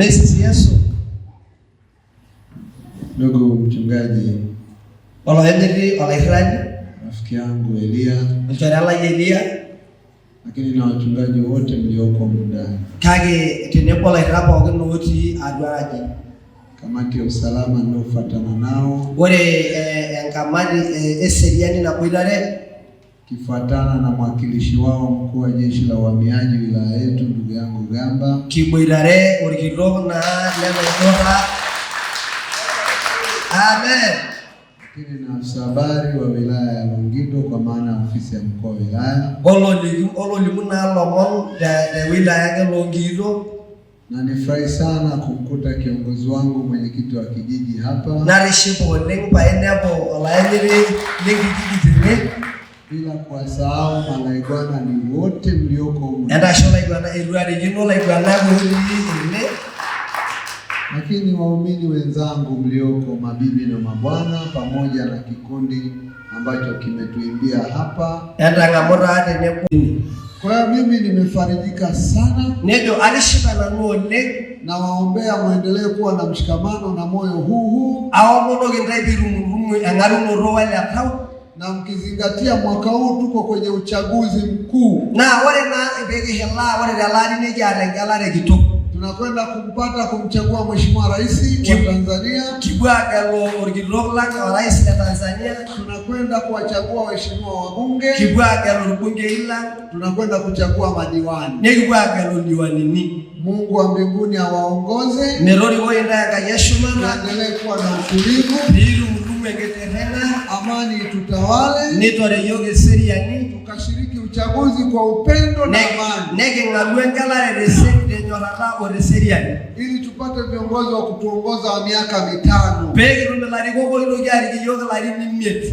Yesu Yesu, ndugu mchungaji Henry olaenderi Ihrani, rafiki yangu Elia, mchorela Elia, lakini na wachungaji wote mlioko kage kake tenebo Ihrani kwa otii uti aji kamati ya usalama ndofatana nao kamati eh, enkamati eh, eseriani kuidare kifuatana na mwakilishi wao mkuu wa jeshi la uhamiaji wilaya yetu ndugu yangu Gamba kibwirare urikirok na lemeoha amen. Lakini na afisa habari wa wilaya ya Longido kwa maana ya ofisi ya mkuu wa wilaya ololimu na lomon wilaya ya Longido na nifurahi sana kumkuta kiongozi wangu mwenyekiti wa kijiji hapa narishipo ninpaenepo olaeniri nikijiji tene bila kuwasahau malaigwana ni wote mlioko endasholaigwana lakini waumini wenzangu mlioko mabibi na mabwana, pamoja na kikundi ambacho kimetuimbia hapa endang'amoratenebo. Kwa hiyo mimi nimefarijika sana nejo alishiba na nuole na waombea mwendelee kuwa na mshikamano na moyo huu huu aomonogendaibirumurumwe ang'arumoro na mkizingatia mwaka huu tuko kwenye uchaguzi mkuu na warenaibegehelawalelalinejaaregalaregito tunakwenda kumpata kumchagua mheshimiwa rais wa Tanzania kibwagalo orgilola kwa rais wa Tanzania. Tunakwenda kuwachagua waheshimiwa wabunge kibwagalo bunge ila tunakwenda kuchagua madiwani diwani diwanini. Mungu wa mbinguni awaongoze merori na endelee kuwa na utulivu iru mdumu egeterena amani itutawale nitore yoge seriani tukashiriki uchaguzi kwa upendo na amani nege ngalwe ngala resende nyorara ore seriani ili tupate viongozi wa kutuongoza wa miaka mitano pege rumelariko ko ilo jari yoge lari nimyeti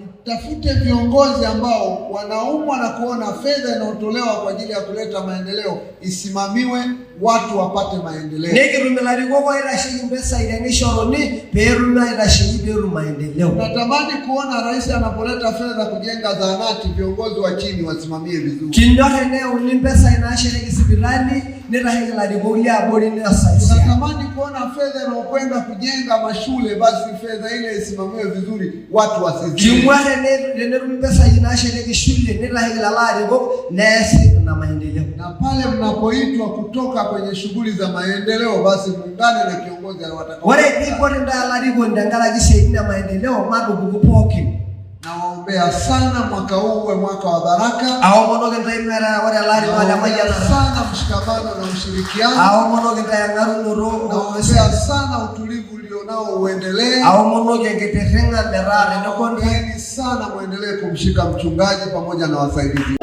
tafute viongozi ambao wanaumwa na kuona fedha inayotolewa kwa ajili ya kuleta maendeleo isimamiwe, watu wapate maendeleo. Natamani kuona rais anapoleta fedha kujenga zahanati, viongozi wa chini wasimamie vizuri nitahiki larikok liabori nisaisia. Tunatamani kuona fedha inayokwenda kujenga mashule, basi fedha ile isimamiwe vizuri, watu wasizidi kimware. Tenetumi pesa inashereki shule, nitahiki lala arikok neesi na maendeleo. Na pale mnapoitwa kutoka kwenye shughuli za maendeleo, basi muungane na kiongozi awatakao. Ore kipoti nda larikok tenkaraki siaitin e maendeleo matupuku pookin naombea sana mwaka huu uwe mwaka wa baraka. Aomono kitaimera wale alari wale mayana sana mshikamano na ushirikiano. Aomono kitayangaru nuru. Naombea sana utulivu ulionao uendelee. Aomono kengeterenga berare nokondi. sana muendelee kumshika mchungaji pamoja na wasaidizi.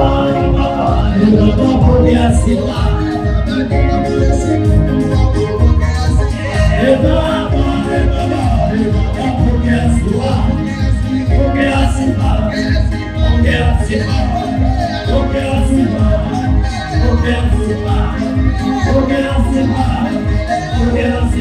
Eva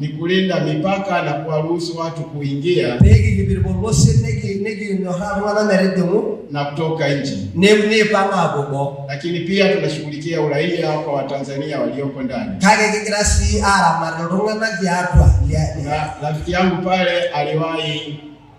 ni kulinda mipaka na kuwaruhusu watu kuingia meredemu na kutoka nchi Lakini pia tunashughulikia uraia kwa Watanzania walioko ndani Rafiki yangu pale aliwahi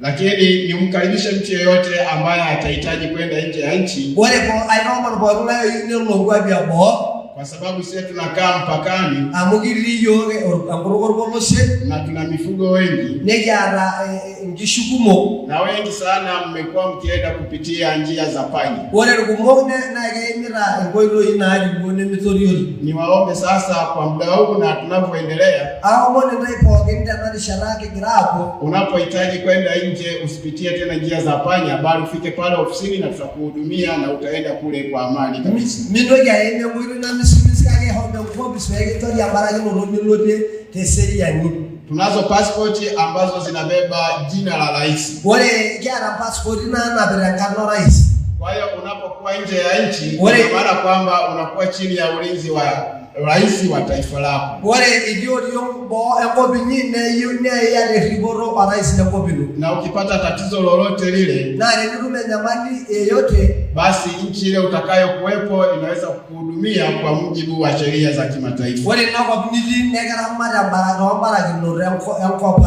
lakini nimkaribishe mtu yeyote ambaye atahitaji kwenda nje ya nchi wale ko ainaomano bwarulayo yinelulongwa bo kwa sababu sisi tunakaa mpakani amu ah, eh, ah, kiliyo na tuna mifugo wengi nejara eh, eh, ngishu na wengi sana mmekuwa mkienda kupitia njia za panya wale kumok na na ngoiro ina ajibone ni niwaombe sasa kwa muda huu na tunapoendelea au ah, mbona ndipo kinda na sharaki grabo unapohitaji kwenda nje usipitie tena njia za panya bali ufike pale ofisini na tutakuhudumia na utaenda kule kwa amani kabisa mimi ndio yaende mwili na tusiweke ambayo lolote lolote teseriani. Tunazo passport ambazo zinabeba jina la rais. Wale kia na passport na na bila kando rais. Kwa hiyo unapokuwa nje ya nchi, maana kwamba unakuwa chini ya ulinzi wa rais wa taifa lako. Wale ijio yung bo enkop inyi ne yu riboro wa rais na enkop Na ukipata tatizo lolote lile. Na nidume nyamani yeyote. Basi nchi ile utakayokuwepo inaweza kukuhudumia kwa mujibu wa sheria za kimataifa. Wale na kwa nili negara mara bara kwa mara kinore enkop enkop